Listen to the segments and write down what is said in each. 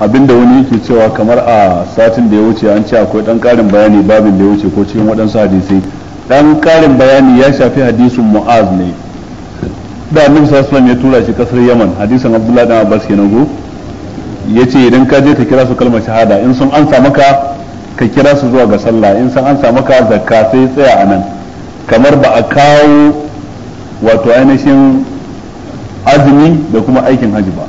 abinda wani yake cewa kamar a satin da ya wuce an ce akwai dan karin bayani babin da ya wuce ko cikin waɗansu hadisai dan karin bayani ya shafi hadisin mu'az ne da annabi sallallahu ya tura shi kasar yaman hadisin abdullahi dan abbas kenan go yace idan ka je ka kira su kalmar shahada in sun ansa maka ka kira su zuwa ga sallah in sun ansa maka zakka sai tsaya anan kamar ba a kawo wato ainihin azumi da kuma aikin hajji ba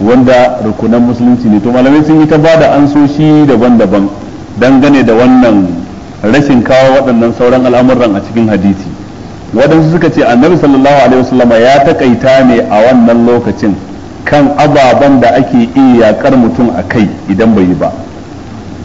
wanda rukunan musulunci ne to malamai sun yi ta bada ansoshi daban-daban dangane da wannan rashin kawo waɗannan sauran al'amuran a cikin hadisi waɗansu suka ce annabi sallallahu alaihi wasallama ya takaita ne a wannan lokacin kan ababen da ake iya yaƙar mutum a kai idan bai yi ba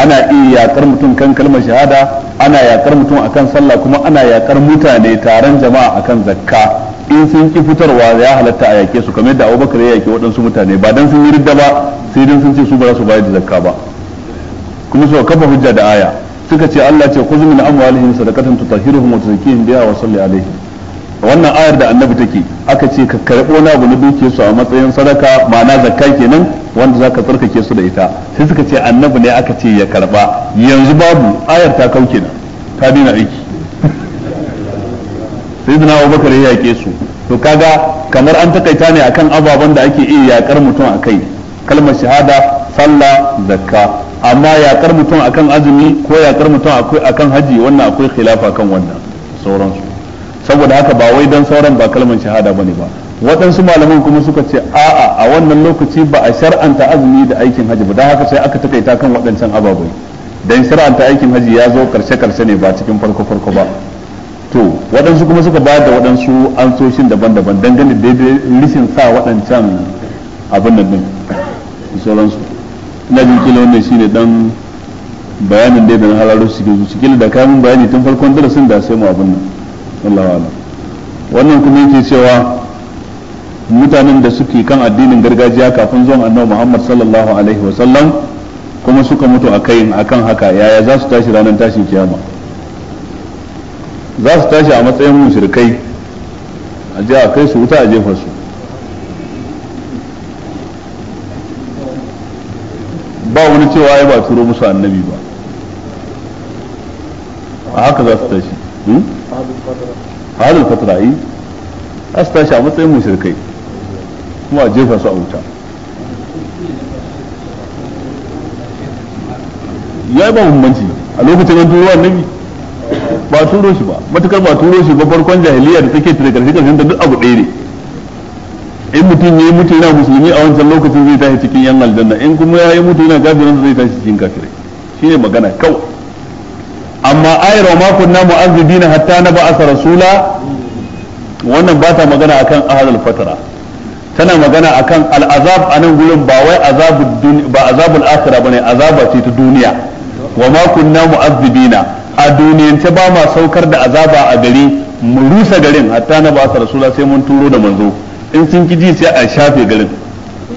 ana iya yaƙar mutum kan kalmar shahada ana yaƙar mutum akan sallah kuma ana yaƙar mutane taron jama'a akan zakka in sun ki fitarwa ya halatta a yake su kamar yadda Abubakar ya yake waɗansu mutane ba dan sun yi ridda ba sai dan sun ce su ba za su bayar da zakka ba kuma su kafa hujja da aya suka ce Allah ce khudh min amwalihim sadaqatan tutahhiruhum wa tuzakkihim biha wa salli alaihim wannan ayar da annabi take aka ce ka karbo na abu na duke su a matsayin sadaka ma'ana zakka kenan wanda zaka tsarkake su da ita sai suka ce annabi ne aka ce ya karba yanzu babu ayar ta kauke na ta dina aiki sai da na abubakar ya yaƙe su to kaga kamar an takaita ne akan ababen da ake iya yakar mutum a kalmar shahada sallah zakka amma yakar mutum akan azumi ko yakar mutum akan haji wannan akwai khilafa kan wannan sauransu saboda haka ba wai dan sauran ba kalmar shahada bane ba waɗansu malaman kuma suka ce a'a a wannan lokaci ba a shar'anta azumi da aikin haji ba don haka sai aka takaita kan waɗancan ababai dan shar'anta aikin haji ya zo karshe karshe ne ba cikin farko farko ba to waɗansu kuma suka bayar da waɗansu ansoshin daban-daban dangane da rishin sa waɗancan abin nan din sauransu ina jin kila wannan shi ne dan bayanin daidai na halaro suke su kila da kamun bayani tun farkon darasin da sai mu abin nan wallahi wannan kuma yake cewa mutanen da suke kan addinin gargajiya kafin zuwan annabi Muhammad sallallahu alaihi sallam kuma suka mutu a kayin akan haka yaya za su tashi ranar tashin kiyama za su tashi a matsayin mushrikai a je a kai su wuta a jefa su ba wani cewa ya ba turo musu annabi ba a haka za su tashi hmm? halin fatara yi eh? za su tashi a matsayin mushrikai kuma a jefa su a wuta ya yi ba mummanci a lokacin an turo annabi ba turo shi ba matukar ba turo shi ba farkon jahiliya da take tare karshe karshen da duk abu ɗaya ne in mutum ya yi mutu yana musulmi a wancan lokacin zai tashi cikin yan aljanna in kuma ya yi mutu yana kafirin zai tashi cikin kafirai shine magana kawai amma ayar wa makon na hatta na ba'asa rasula wannan ba ta magana akan ahadul fatara tana magana akan al'azab a nan gurin ba wai azabul ba azabul akhirah bane azaba ce ta duniya wa ma kunna mu'azzibina a duniyance ba ma saukar da azaba a gari mu rusa garin hatta na ba rasula sai mun turo da manzo in sun ki ji sai a shafe garin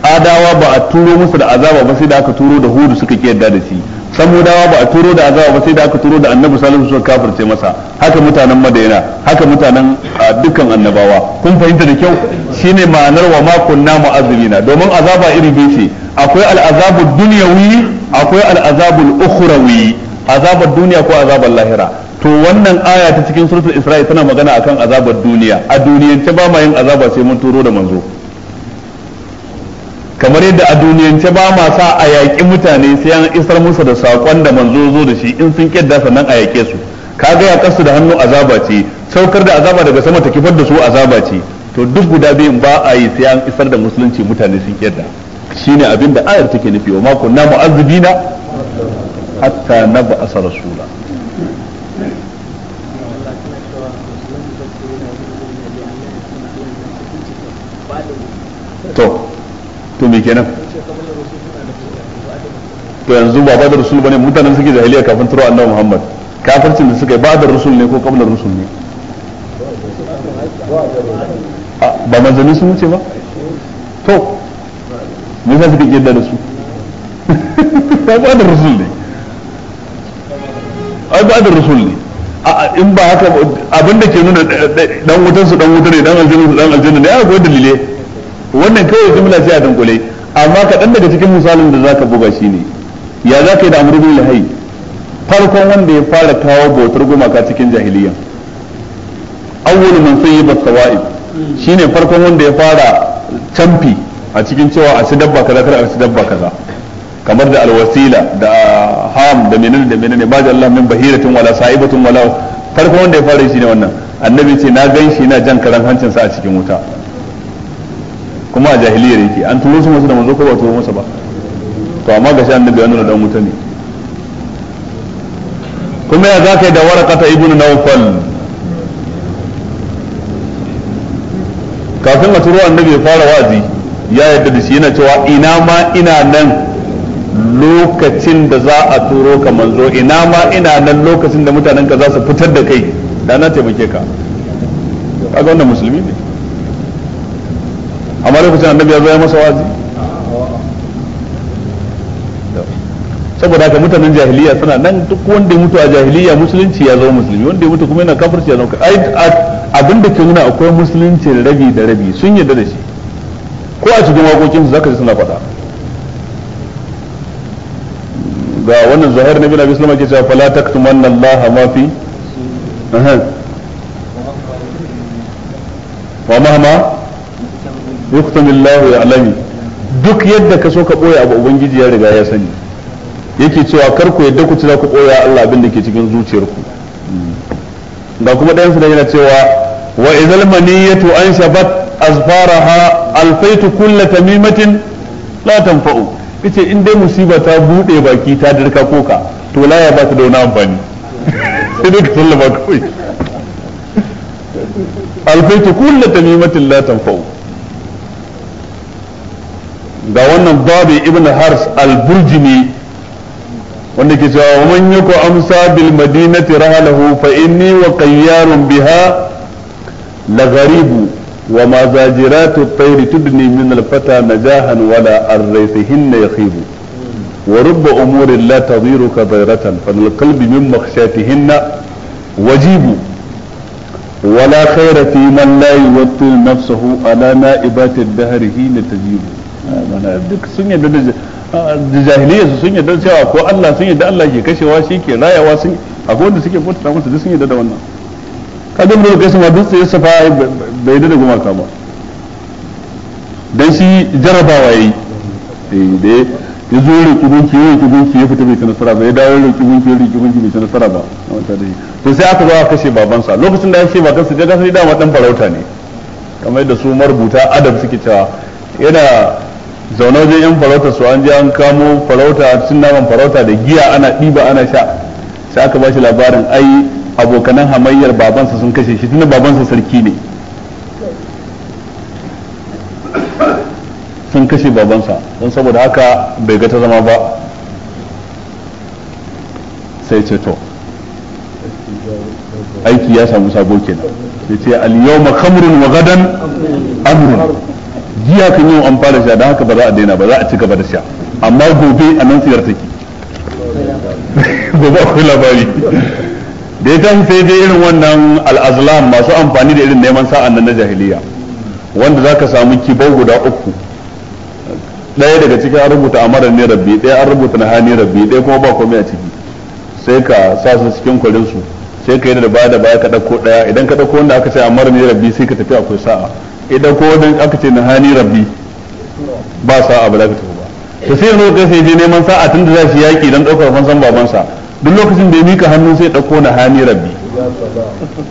adawa ba a turo musu da azaba ba sai da aka turo da hudu suka ki yarda da shi samudawa ba a turo da azaba ba sai da aka turo da annabi alaihi wasallam kafirce masa haka mutanen madaina haka mutanen dukkan annabawa kun fahimta da kyau shine ma'anar wa ma kunna mu'azzibina domin azaba iri biyu ce akwai al'azabu dunyawi akwai al'azabul ukhrawi azabar duniya ko azabar lahira to wannan aya ta cikin suratul isra'i tana magana akan azabar duniya a duniyance ba ma yin azaba sai mun turo da manzo kamar yadda a duniyance ba ma sa a yaƙi mutane sai an isar musu da saƙon da manzo zo da shi in sun ƙyadda sannan a yaƙe su ka ga ya kasu da hannu azaba ce saukar da azaba daga sama ta kifar da su azaba ce to duk guda biyun ba a yi sai an isar da musulunci mutane sun ƙyadda shine abin da ayar take nufi wa ma kunna mu'azzibina hatta na ba'asa rasula to to me kenan to yanzu ba ba da rasul bane mutanen suke jahiliya kafin turo annabi Muhammad kafircin da suka yi ba da rasul ne ko kablar rasul ne ba manzanni sun wuce ba to me yasa suka kiyar da su ba ba da rasul ne ai ba da ne in ba haka abin da ke nuna dan wutar su dan wutar ne dan aljanna su dan aljanna ne akwai dalile wannan kawai jumla sai a dangule amma kaɗan daga cikin misalin da zaka buga shi ne ya za ka yi da amurbin lahayi farkon wanda ya fara kawo bautar gumaka cikin jahiliya awwal man sayyiba sawa'ib shine farkon wanda ya fara camfi a cikin cewa a ci dabba kaza kar a ci dabba kaza kamar da alwasila da ah, ham da menene da menene ba da Allah min bahiratin wala sa'ibatin wala farko wanda ya fara shi ne wannan annabi ce na gan shi na jan karan hancin sa a cikin wuta kuma a jahiliyar yake an turo su musu da manzo ko ba turo musu ba to amma gashi annabi ya nuna dan wuta ne kuma ya zakai da warqata ibn nawfal kafin a turo annabi ya fara wazi ya yadda da shi yana cewa ina ma ina nan lokacin da za a turo ka manzo ina ma ina nan lokacin da mutanen ka za su fitar da kai da na taimake ka kaga wannan musulmi ne amma lokacin annabi ya zo ya masa wazi saboda haka mutanen jahiliya suna nan duk wanda ya mutu a jahiliya musulunci ya zama musulmi wanda ya mutu kuma yana kafirci ya zama ai abin da ke nuna akwai musulunci rabi da rabi sun yarda da shi ko a cikin waƙoƙinsu zaka ji suna faɗa ga wannan zuhair na bin abi ke cewa fala taktumanna Allah ma fi wa Allah ya alami duk yadda ka so ka boye abu ubangiji ya riga ya sani yake cewa kar ku yadda ku ci za ku boye Allah abin da ke cikin zuciyarku ga kuma ɗayan su da yana cewa wa idzal maniyatu anshabat azfaraha alfaitu kullu tamimatin la tanfa'u yace in dai musiba ta bude baki ta dirka koka to laya ba ta da wani amfani sai dai ka sallama kawai alfaitu kullu tamimatin la tanfa'u ga wannan Babu ibn hars al-burjini wanda ke cewa wa man yaku amsa bil madinati rahalahu fa inni wa qayyarun biha la gharibu wa mazajira zajiratu tayri tudni min al-fata najahan wala ar-raysihin yakhibu wa rubba umurin la tadhiru ka dayratan ولا خير في من لا يوطن نفسه على نائبات الدهر حين تجيب mana duk sun jahiliya su sun yadda cewa ko Allah sun yadda Allah ke kashewa shi ke rayawa sun akwai wanda suke bauta masa duk sun yadda da wannan kaga mun kai su duk sai safa bai da gumaka ba dan shi jarabawa yayi eh da ya zo roki gunki ya roki gunki ya fita bai ta nasara ba ya dawo roki gunki ya roki gunki bai ta nasara ba to sai aka zo aka kashe babansa lokacin da ya kashe babansa dai sai da wadan farauta ne kamar yadda su marubuta adab suke cewa yana zaune wajen yan farauta su an je an kamo farauta cin naman farauta da giya ana ɗiba ana sha sai aka ba shi labarin ai abokanan hamayyar babansa sun kashe shi tunda babansa sarki ne sun kashe babansa don saboda haka bai ga ta zama ba sai ce to aiki ya samu sabo kenan sai ce al-yawma khamrun wa gadan amrun jiya kan yau an fara sha don haka ba za a daina ba za a ci gaba da sha amma gobe a nan siyar take gobe akwai labari da ya tafi sai dai irin wannan al'azlam masu amfani da irin neman sa'an nan na jahiliya wanda za ka samu kibau guda uku ɗaya daga cikin an rubuta amara ne rabbi ɗaya an rubuta na hani rabbi ɗaya kuma ba komai a ciki sai ka sa su cikin kwarin su sai ka yi da baya da baya ka ɗauko ɗaya idan ka ɗauko wanda aka ce amara ne rabbi sai ka tafi akwai sa'a idan ko wanda aka ce na hani rabbi ba sa'a ba za ka tafi ba to sai yanzu kai sai je neman sa'a tun da za su yaƙi don ɗaukar fansan babansa duk lokacin da ya mika hannu sai ɗauko na hani rabbi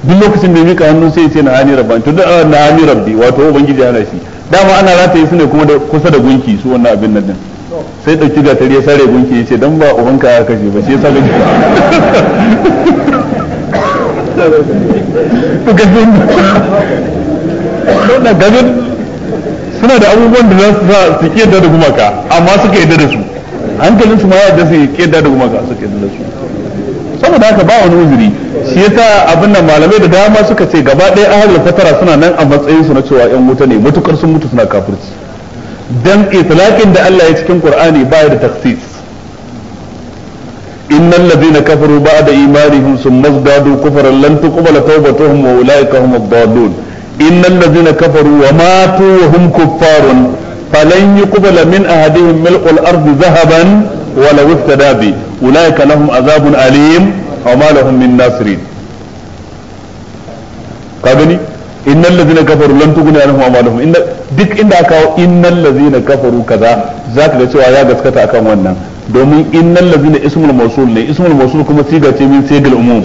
duk lokacin da ya mika hannu sai ya ce na hani rabbi to da na hani rabbi wato ubangiji ana shi dama ana rataye su ne kuma da kusa da gunki su wannan abin nan din sai dauki gatari ya sare gunki ya ce dan ba ubanka ya kashe ba shi yasa ga wannan gabin suna da abubuwan da za su sa su kiyar da gumaka amma suka yadda da su hankalin su ma da su kiyar da gumaka suka yadda da su saboda haka ba wani uzuri shi yasa abin nan malamai da dama suka ce gaba ɗaya ahlul fatara suna nan a matsayin su na cewa yan wuta ne mutukar sun mutu suna kafirci dan itlaqin da Allah ya cikin Qur'ani baya da taksis innal ladina kafaru ba'da imanihim summa zadu kufran lan tuqbala tawbatuhum wa ulaika hum ad-dallun innal ladina kafaru wa matu wa hum kuffarun falan yuqbala min ahadihim mil'ul ardi dhahaban wala wuftada bi ulaika lahum azabun alim wa ma lahum min nasirin ka gani innal ladzina kafaru lan tughni anhum amalahum inna duk inda aka kawo innal ladzina kafaru kaza zaka ga cewa ya gaskata akan wannan domin innal ladzina ismul mawsul ne ismul mawsul kuma siga ce min segal umum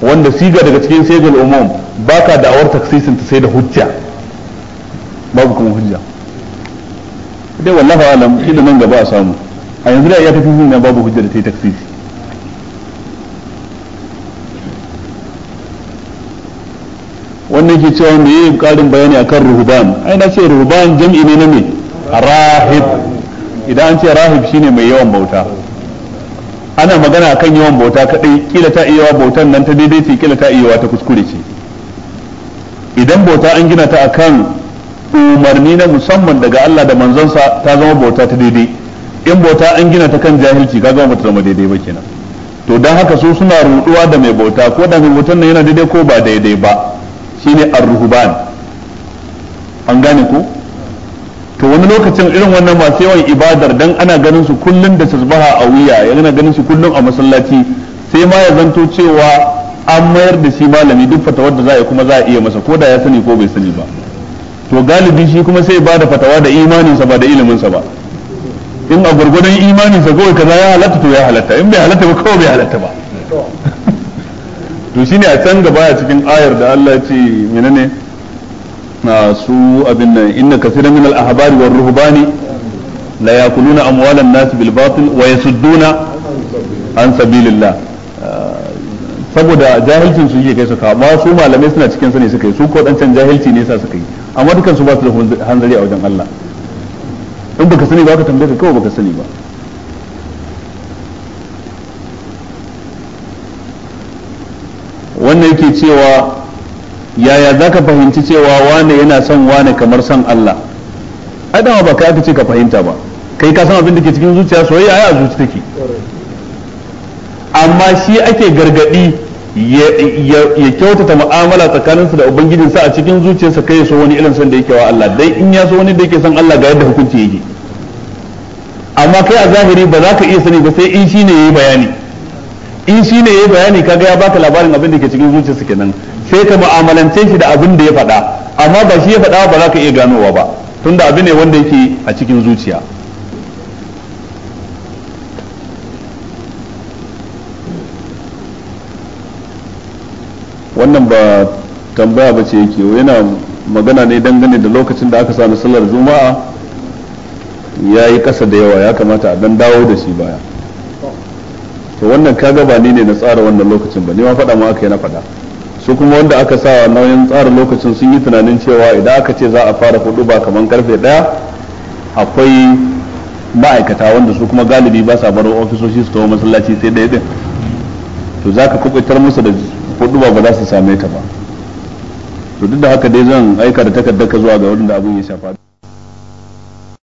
wanda siga daga cikin segal umum baka da'awar taksisin ta sai da hujja babu kuma hujja dai wallahi alam kila nan gaba a samu a yanzu da ya tafi na babu hujja da ta yi taksisi wannan ke cewa mai yi karin bayani akan ruhban ai na ce ruhban jam'i ne na me rahib idan an ce rahib shine mai yawan bauta ana magana akan yawan bauta kadai kila ta iya bautan nan ta daidai ce kila ta iya ta kuskure ce idan bauta an gina ta akan umarni na musamman daga Allah da manzonsa ta zama bauta ta daidai in bauta an gina ta kan jahilci ka gama ta zama daidai ba kenan to don haka su suna ruduwa da mai bauta ko da mai bautan nan yana daidai ko ba daidai ba shine ar-ruhban an gane ku. to wani lokacin irin wannan masu yawan ibadar dan ana ganin su kullun da tasbaha a wuya yana ganin su kullun a masallaci sai ma ya zanto cewa an mayar da shi malami duk fatawar da za a yi kuma za a iya masa ko da ya sani ko bai sani ba to galibi shi kuma sai ba da fatawa da imaninsa ba da iliminsa ba in a gurgudan imanin sa kawai kaza ya halatta to ya halatta in bai halatta ba kawai bai halatta ba to shine a can gaba a cikin ayar da Allah ya ce menene na su abin nan inna kaseeran min al-ahbari war ruhbani la yakuluna an nas bil batil wa yasudduna an sabilillah saboda jahilcin su yake kai su ka amma su malamai suna cikin sani suka yi su ko dan can jahilci ne sa suka yi amma dukan su ba su da hanzari a wajen Allah in baka sani ba ka tambaye ka kawai baka sani ba wannan yake cewa yaya za ka fahimci cewa wane yana son wane kamar son Allah adama ba kai aka ce ka fahimta ba kai ka san abin da ke cikin zuciya soyayya ai a zuci take amma shi ake gargadi ya kyautata mu'amala su da ubangijinsa a cikin zuciyarsa kai ya so wani irin son da yake wa Allah dai in ya so wani da yake son Allah ga yadda hukunci yake amma kai a zahiri ba za ka iya sani ba sai in shine yi bayani in shine yi bayani kaga ya baka labarin abin da ke cikin zuciyarsa kenan sai ka mu'amalance shi da abin da ya faɗa amma ba shi ya faɗa ba za ka iya ganowa ba tunda abin ne wanda yake a cikin zuciya wannan ba tambaya ba ce yake yana magana ne dangane da lokacin da aka sami sallar juma'a ya yi ƙasa da yawa ya kamata a dan dawo da shi baya to wannan kaga ba ni ne na tsara wannan lokacin ba ni ma faɗa ma aka yi na faɗa su kuma wanda aka sa nauyin tsara lokacin sun yi tunanin cewa idan aka ce za a fara hudu ba kamar karfe daya akwai ma'aikata wanda su kuma galibi ba sa barin ofisoshi su tawo masallaci sai ɗaya ɗin to za ka kubutar musu da hudu ba ba za su same ta ba to duk da haka dai zan aika da takarda ka zuwa ga wanda abin ya shafa